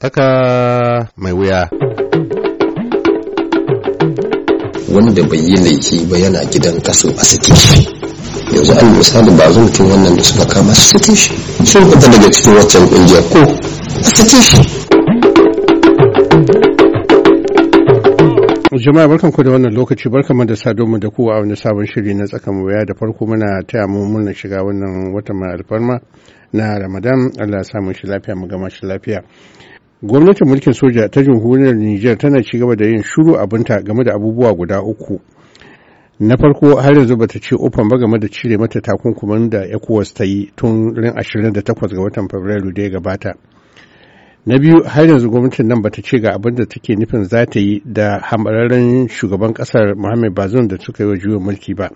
Tsaka mai wuya. Wanda bai yi laifi ba yana gidan kaso a sake shi. Yanzu an misali ba zo mutum wannan da suka kama su sake shi. Sun fita daga cikin waccan kungiya ko a sake shi. jama'a barkan ku da wannan lokaci barkan da sado mu da kuwa a wani sabon shiri na tsakan waya da farko muna taya mu murna shiga wannan watan mai alfarma na ramadan allah ya samu shi lafiya mu gama shi lafiya gwamnatin mulkin soja ta jamhuriyar niger tana ci gaba da yin shuru abinta game da abubuwa guda uku na farko har yanzu bata ce ofan ba game da cire mata takunkuman da ecowas ta yi tun ran 28 ga watan fabrairu da ya gabata na biyu har yanzu gwamnatin nan bata ce ga abin da take nufin za ta yi da hamararren shugaban kasar muhammad bazoum da suka yi wa juyin mulki ba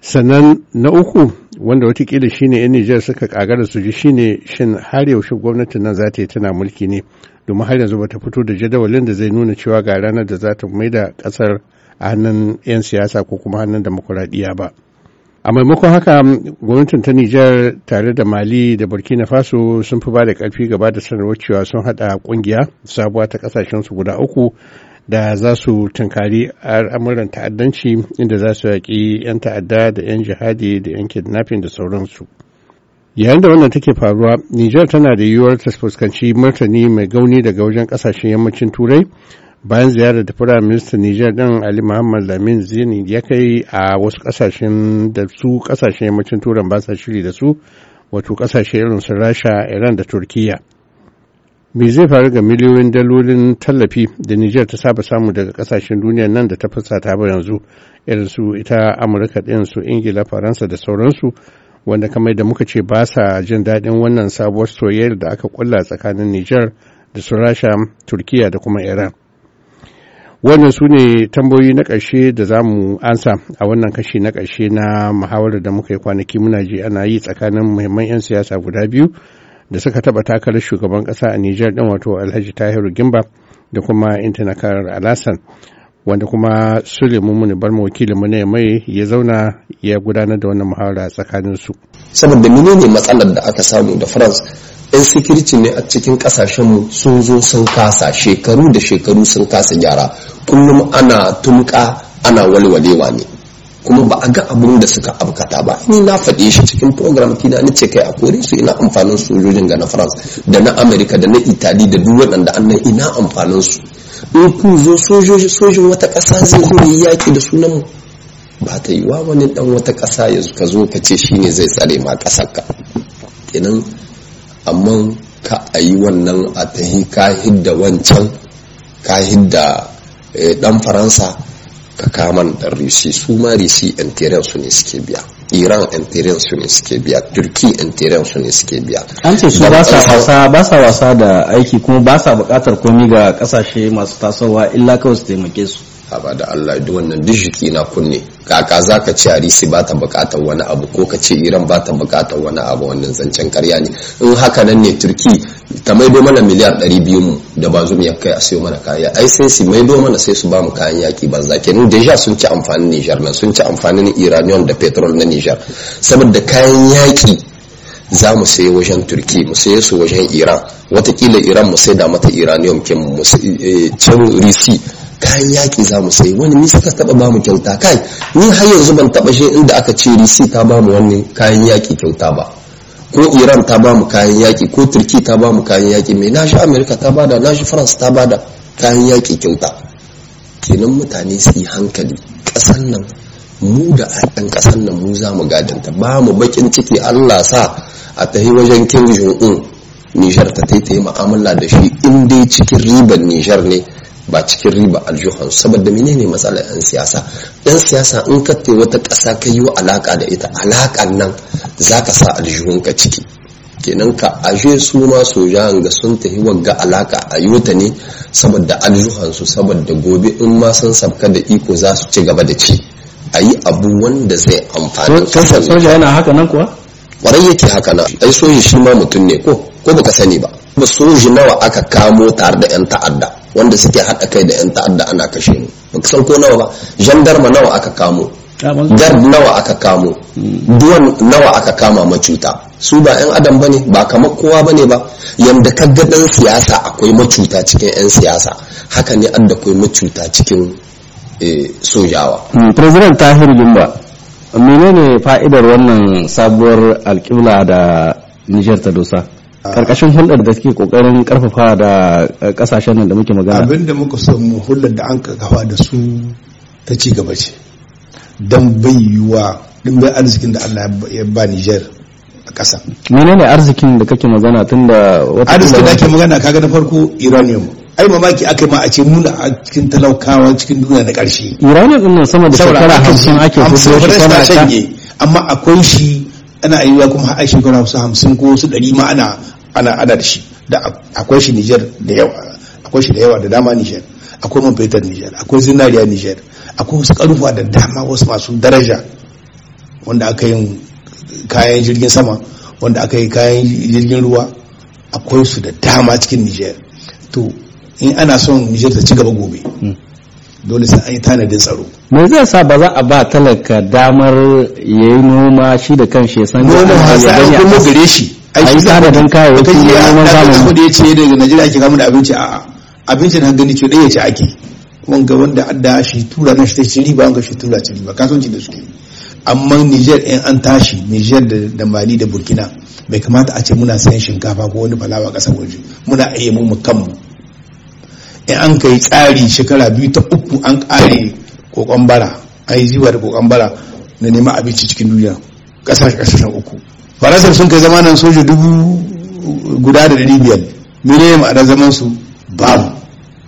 sannan na uku wanda watakila shine yan Nijar suka kagara su ji shine shin har yaushe gwamnatin nan za ta yi tana mulki ne domin har yanzu bata fito da jadawalin da zai nuna cewa ga ranar da za ta da kasar a hannun 'yan siyasa ko kuma hannun demokuraɗiyya ba. a maimakon haka gwamnatin ta nijar tare da mali da burkina faso sun fi ba da karfi gaba da sanarwar cewa sun hada kungiya sabuwa ta kasashensu guda uku da za su tunkari al'amuran ta'addanci inda za su yaki 'yan ta'adda da 'yan jihadi da 'yan kidnapping da sauransu yayin da wannan take faruwa nijar tana da yiwuwar ta fuskanci martani mai gauni daga wajen kasashen yammacin turai bayan ziyarar da firayim minista Nijar din Ali Muhammad Lamin Zini ya kai a wasu kasashen da su kasashen yammacin turan ba sa shiri da su wato kasashe irin su Rasha, Iran da Turkiyya. Me zai faru ga miliyoyin dalolin tallafi da Nijar ta saba samu daga kasashen duniya nan da ta fasa ta ba yanzu irin su ita Amurka din su Ingila, Faransa da sauransu wanda kamar da muka ce ba sa jin daɗin wannan sabuwar soyayyar da aka kulla tsakanin Nijar da su Rasha, Turkiyya da kuma Iran. wannan su ne tambayoyi na ƙarshe da za mu ansa a wannan kashi na ƙarshe na muhawarar da muka yi kwanaki muna ji ana yi tsakanin muhimman 'yan siyasa guda biyu da suka taɓa takarar shugaban ƙasa a Nijar ɗin wato Alhaji Tahiru Gimba da kuma intanakarar Alasan wanda kuma Suleiman Muni Barma wakilin mu ne mai ya zauna ya gudanar da wannan muhawara tsakanin su. Saboda menene matsalar da aka samu da France sikirci ne a cikin kasashen mu sun zo sun kasa shekaru da shekaru sun kasa gyara kullum ana tunka ana walwalewa ne kuma ba a ga abin da suka abkata ba ni na faɗe shi cikin program kina ni ce kai a kore su ina amfanin sojojin ga na France da na America da na Italy da duk waɗanda annan ina amfanin su in ku zo sojoji wata ƙasa zai zo yi yaƙi da sunanmu ba ta yi wa wani dan wata ƙasa ya ka zo ka ce shine zai tsare ma ƙasar ka kenan amma ka a yi wannan a tahi ka hidda wancan ka hidda dan eh, faransa ka kaman dan rishi su ma rishi interior su ne suke biya iran interior su ne suke biya turki interior su ne suke biya an ce su ba sa wasa da aiki kuma ba sa bukatar komi ga kasashe masu tasowa illa kawai su taimake su ba da Allah duk wannan dijiki na kunne kaka zaka ka ce arisi ba ta bukatar wani abu ko ka ce iran ba ta bukatar wani abu wannan zancen karya ne in haka nan ne turki ta maido mana miliyar biyu mu da ba zum ya kai a sayo mana kaya ai sai su maido mana sai su ba mu kayan yaki ba za kenan deja sun ci amfanin Nijar nan sun ci amfanin Iranian da petrol na Nijar saboda kayan yaki za mu sayi wajen turki mu sai su wajen iran watakila iran mu sai da mata iranium kin mu eh, cin risi kayan yaƙi za mu sayi wani ni suka taɓa ba mu kyauta kai ni har yanzu ban taɓa shi inda aka ce risi ta ba mu wani kayan yaƙi kyauta ba ko iran ta ba mu kayan yaki ko turki ta ba mu kayan yaki mai nashi amerika ta bada nashi france ta bada kayan yaki kyauta kenan mutane su yi hankali ƙasan nan mu da ɗan ƙasar nan mu za mu gadanta ba mu bakin ciki allah sa a tahi wajen kim jong un nishar ta taitaye mu'amala da shi in dai cikin riban nishar ne ba cikin riba aljuhan saboda menene matsalar yan siyasa yan siyasa in ka te wata ƙasa ka yi alaka da ita alakan nan za ka sa aljuhunka ciki kenan ka ashe su ma sojan ga sun tafi wagga alaka a wata ne saboda aljuhan su saboda gobe in ma sun sabka da iko za su ci gaba da ci a yi abu wanda zai amfani soja yana haka nan kuwa kwarai yake haka nan ai soji shi ma mutum ne ko ko baka sani ba ba soji nawa aka kamo tare da yan ta'adda wanda suke haɗa kai da 'yan ta'adda ana kashe mu baka san ko nawa ba gendarme nawa aka kamo gard nawa aka kamo hmm. duwan nawa aka kama macuta su ba 'yan adam bane ba kamar kowa bane ba yanda ka ga dan siyasa akwai macuta cikin 'yan siyasa haka ne an da akwai macuta cikin eh, sojawa hmm, president tahir jumba menene fa'idar wannan sabuwar alƙibla da nijar ta dosa karkashin hulɗar da suke kokarin karfafa da kasashen eh, nan da muke magana abinda muka so mu hulɗar da an karkafa da su ta ci gaba ce dan bai yiwa bai arzikin da Allah ya ba Niger a ƙasa mene ne arzikin da kake magana da wata arzikin da kake magana kaga na farko uranium ai mamaki aka ma a ce muna a cikin talaukawa cikin duniya na ƙarshe uranium din nan sama da shekara 50 ake fito shi amma akwai shi ana wa kuma a shekara wasu hamsin ko wasu ɗari ma ana ana da shi da akwai shi Nijar da yawa akwai shi da yawa da dama Nijar akwai man fetur Nijar akwai zinariya Nijar akwai wasu karuwa da dama wasu masu daraja wanda aka yi kayan jirgin sama wanda aka yi kayan jirgin ruwa akwai su da dama cikin Nijar to in ana son Nijar ta ci gaba gobe hmm. dole sai an yi tanadin tsaro me zai sa ba za a ba talaka damar ya yi noma shi da kanshi ya san noma ha sai an kuma gare shi ai shi tanadin kayayyaki ne noma zamu kuma da yace daga Najeriya ake kamun da abinci a'a abinci da gani ce daya ce ake ga wanda adda shi tura na shi ta riba ga shi tura ci riba kasuwanci da suke amma Niger in an tashi Niger da Mali da Burkina bai kamata a ce muna sayan shinkafa ko wani falawa kasar waje muna iya mu kanmu in an kai tsari shekara biyu ta uku an kare kokon bara a yi ziwa da kokon bara na nema abinci cikin duniya kasashe kasashen uku faransa sun kai zamanin soja dubu guda da dari biyar a ɗan zaman su babu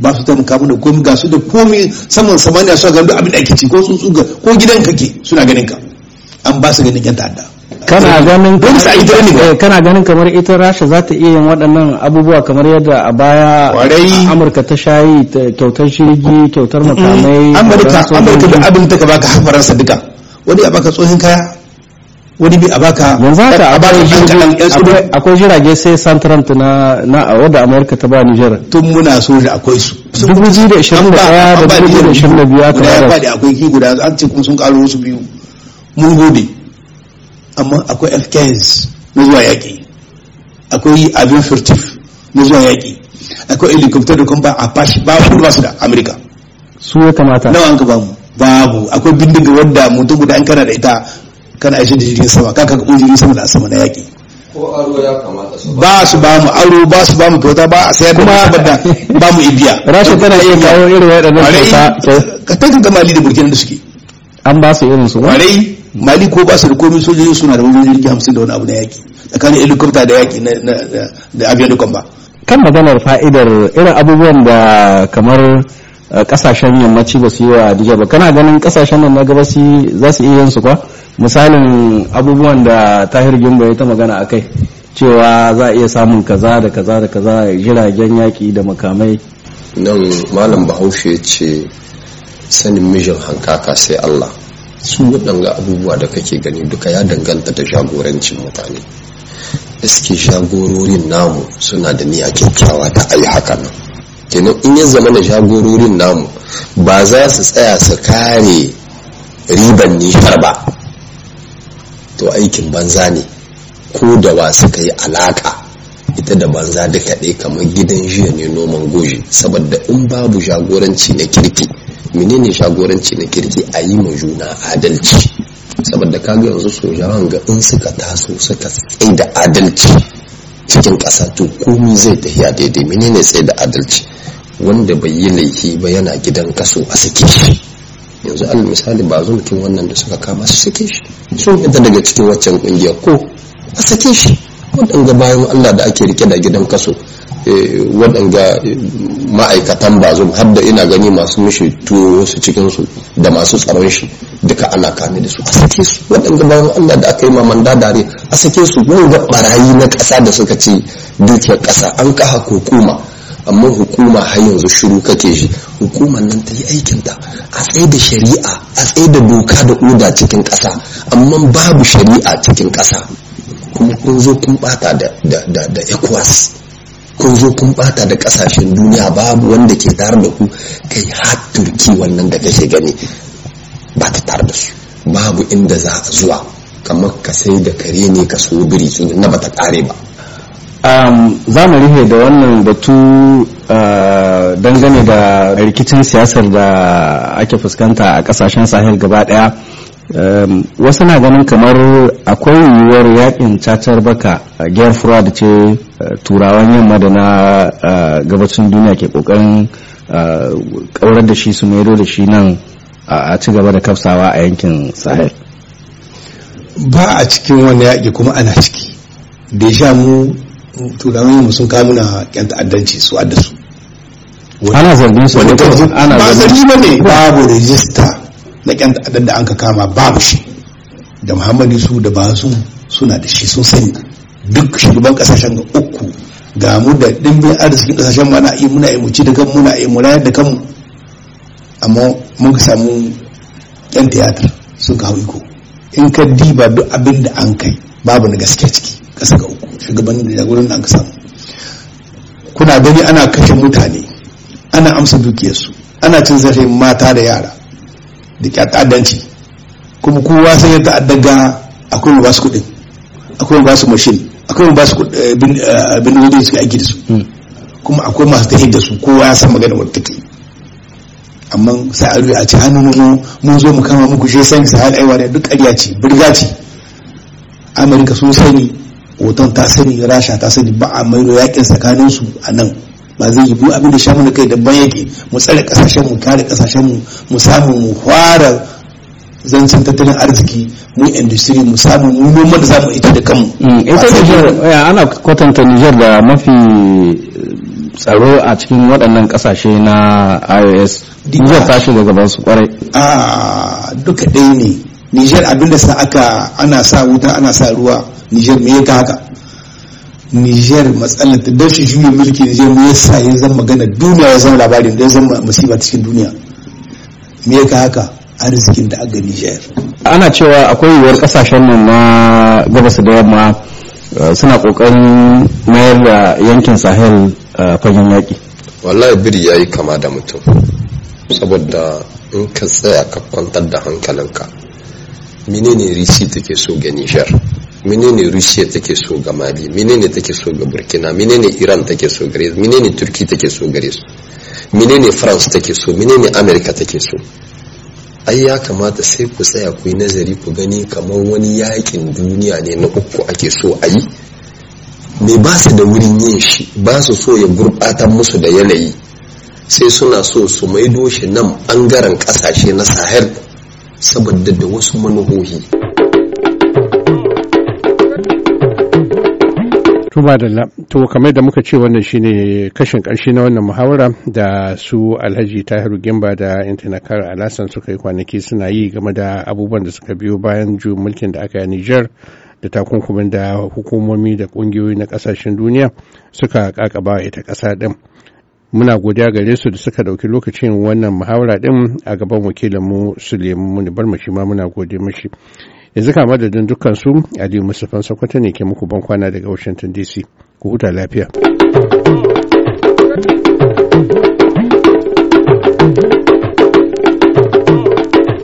ba su taimaka mu da komi ga su da komi saman samaniya suna ganin abin da ake ci ko tsuntsu ko gidan kake suna ganin ka an ba su ganin yan ta'adda kana ganin eh, kana ganin kamar ita rasha za ta iya yin waɗannan abubuwa kamar yadda a baya Kwarai. amurka ta shayi kyautar shirgi kyautar makamai amurka amurka da abin ta baka har faransa duka wani a baka tsohon kaya wani bi a baka yanzu haka a baka hankalan yan tsoro akwai jirage sai santrant na na wadda amurka ta ba nijar tun muna so da akwai su dubu biyu da ishirin da ɗaya da dubu biyu da ishirin da biyu ya kamar da akwai ki guda an ce kuma sun karo wasu biyu mun gode amma akwai f-15 na zuwa yaƙi akwai avion furtif na zuwa yaƙi akwai helicopter da kuma ba a fashi ba su ba su da amerika su ya kamata nawa an ka bamu babu akwai bindiga wadda mutum guda an kana da ita kana aishin da jirgin sama kaka ko jirgin sama da sama na yaƙi ba su ba mu aro ba su ba mu kyauta ba a sayar da saboda ba mu ibiya rashi tana iya kawo irin waɗannan kyauta ka tankan gama mali da burkina da suke an ba su irin su ba mali ko ba su da komai sojoji suna da wajen jirgi hamsin da wani abu na yaki tsakanin helikopta da yaki da abin dukan ba kan maganar fa'idar irin abubuwan da kamar kasashen uh, yammaci ba su yi wa dija ba kana ganin kasashen nan na gabasi za su iya yin su kwa misalin abubuwan da tahir gimba ya ta magana a kai cewa za a iya samun kaza da kaza da kaza jiragen yaƙi da makamai nan malam bahaushe ce sanin mijin hankaka sai allah su waɗanga abubuwa da kake gani duka ya danganta da jagorancin mutane iske jagororin namu suna da miya kyakkyawa ta ayi haka nan kenan in ya zama na jagororin namu ba za su tsaya su kare riban nishar ba to aikin banza ne ko da ba su yi alaka ita da banza duka ɗaya kamar gidan jiya ne noman goji saboda in babu jagoranci na kirki menene shagoranci na kirki a yi ma juna adalci saboda kaga yanzu sojawan ga in suka taso suka tsaye da adalci cikin ƙasa to komi zai tafiya daidai menene tsaye da adalci wanda bai yi laifi ba yana gidan kaso a sake shi yanzu al misali ba mutum wannan da suka kama su sake shi su yadda daga cikin waccan kungiya ko a sake shi waɗanda bayan Allah da ake rike da gidan kaso Eh, waɗanda ma'aikatan bazo har da ina gani masu mishi tuwo su cikinsu da masu tsaron shi duka ana kame da su a sake su waɗanda bayan allah da aka yi maman dadare a sake su da barayi na ƙasa da suka ci dukiyar ƙasa an kaha hukuma amma hukuma har yanzu shiru kake shi hukumar nan ta yi ta a tsaye da shari'a a tsaye da doka da oda cikin ƙasa amma babu shari'a cikin ƙasa kuma kun zo kun bata da da da, da kun zo kun bata da kasashen duniya babu wanda ke tar da ku kai har turki wannan da kake gani ba ta tar da su babu inda za a zuwa kamar ka sai da kare ne ka so biri su na ba ta kare ba um, za mu rufe da wannan batu uh, dangane da rikicin siyasar da ake fuskanta a kasashen sahel gaba daya Ehm, wasu na ganin kamar akwai yiwuwar yakin cacar baka a giyar fura da ce eh, turawan yamma da na eh, gabacin duniya ke kokarin eh, kaurar da shi su mero da shi nan a ci gaba da kafsawa a yankin sahel ba a cikin wani yaƙi kuma ana ciki da sha mu turawan yamma sun kamu na yan ta'addanci su adda su ana zargin su ana zargin su ne babu rajista na ƙyan ta'addan da an ka kama babu shi da muhammadu su da basu suna da shi sun sani duk shugaban kasashen ga uku ga mu da dimbin arzikin kasashen mana yi muna yi muci da kan muna yi muna da kanmu amma mun ka samu yan tiyatar sun kawo iko in ka diba duk abin da an kai babu na gaske ciki kasa ga uku shugaban da jagoran da an ka samu kuna gani ana kashe mutane ana amsa dukiyarsu ana cin zarafin mata da yara da ta'addanci kuma kowa sai ya ta'addaga akwai mu ba su kuɗin akwai mu ba su mashin akwai mu ba su eh, bin eh, wajen suka aiki da su hmm. kuma akwai masu tahid da su kowa ya san magana wata take amma sai a rubuta a ci hannu mu mun zo mu kama muku shi san sai aiwa ne duk ƙarya ce burga ce amurka sun sani hoton ta sani rasha ta sani ba a mai yakin tsakaninsu a nan ba zai yi abin da shamu kai da ban yake mu tsare kasashen mu kare kasashen mu mu samu mu fara zancen tattalin arziki mu industry mu samu mu noma da samu ita da kanmu mm, ita Niger eh, ana kwatanta Niger da mafi eh, tsaro a cikin waɗannan kasashe na IOS Niger ta shiga gaban su kwarai a duka ɗaya ne Niger abinda sa aka ana sa wuta ana sa ruwa Niger me yaka haka Niger matsalar ta dashi shi juyin mulki Niger mu yasa ya zama magana duniya ya zama labarin da ya zama musiba cikin duniya me ka haka arzikin da aga Niger ana cewa akwai yiwuwar kasashen nan na gabas da yamma eh, suna kokarin mayar da yankin Sahel eh, fagen yaki wallahi biri yayi kama da mutum saboda in ka tsaya ka kwantar da hankalinka menene rishi take so ga Niger menene russia take so ga mali menene take so ga burkina menene iran take so gare su menene turki take so gare su menene france take so menene america take so ai ya kamata sai ku tsaya ku yi nazari ku gani kamar wani yakin duniya ne na uku ake so a yi me ba su da wurin yin shi ba su so ya gurɓatar musu da yanayi sai suna so su maido shi nan ɓangaren kasashe na sahel saboda da wasu manuhohi. To da to kamar da muka ce wannan shine kashin ƙarshe na wannan muhawara da su Alhaji Tahiru Gimba da Intanakar Alasan suka yi kwanaki suna yi game da abubuwan da suka biyo bayan ju mulkin da aka yi niger da takunkumin da hukumomi da ƙungiyoyi na kasashen duniya suka kakaba ita kasa din Muna godiya gare su da suka ɗauki lokacin wannan muhawara ɗin a gaban wakilinmu Suleiman Munibar mu ma muna gode mashi. yanzu ka madadin dukkan su aliyu mustapha sokoto ne ke muku ban kwana daga washington dc ku huta lafiya